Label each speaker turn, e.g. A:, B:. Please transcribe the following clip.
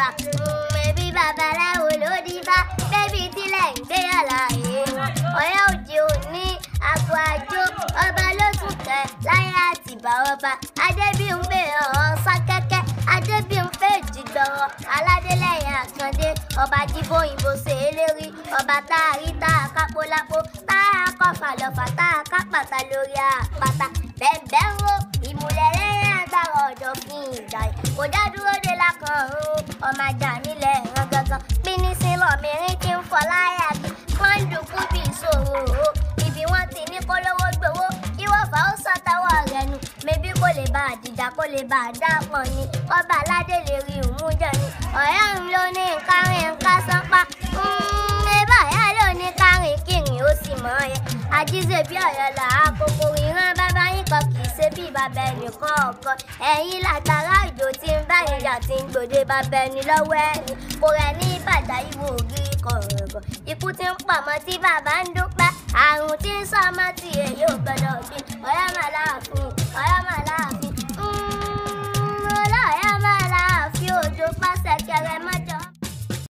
A: gbà ẹbí babaláwo ló di bá bébí tílẹ̀ ń gbé àlàyé ọ̀yá òjì òní àpò àjò ọba ló tún kẹ láyé àtìbá ọba adébíyúngbé ọ̀hún sákẹ́kẹ́ adébíyúngbé jìgbọ̀rọ̀ aládélẹ̀yìn àkàndé ọba jíbó òyìnbó ṣèlérí ọba táàrí táà kápólápó ta kọfà lọ́fà táà kápàtà lórí àpáta bẹ́ẹ̀ bẹ́ẹ̀ ń kò já dúró de lákàn o ọmọ ajá nílẹ̀ ẹ̀ràn gangan pínín sí lọ́mìnrin tí ń fọ láyà bí kọ́ńdùkú bí ìṣòro o ibi wọ́n ti ní kólówó gbowó kí wọ́n fà ó sọ́tàwọ́ rẹ̀ nu mẹ́bí kò lè bá àdìjà kò lè bá àdàpọ̀ ni ọba aládé lè rí ìmú jẹ ni ọ̀rẹ́ mi ló ní nkárin nká sánpá ẹ̀bá ìyá ló ní kárin kírin ó sì mọ̀ ẹ́ àjíṣe bí ọ̀yọ́ là á kókó ìran b bàbá ẹnì kọ̀ọ̀kan ẹ̀yin látara ìjò tí ń bá ìjà tí ń gbòde bàbá ẹni lọ́wọ́ ẹni kò rẹ̀ ní bàtà ìwò ògiri kọ̀ọ̀kan ikú tí ń pamọ́ tí bàbá ń dúpẹ́ àrùn tí ń sọ ọmọ tí èyí ò gbọdọ̀ bí ọ̀rẹ́ màlá fún un.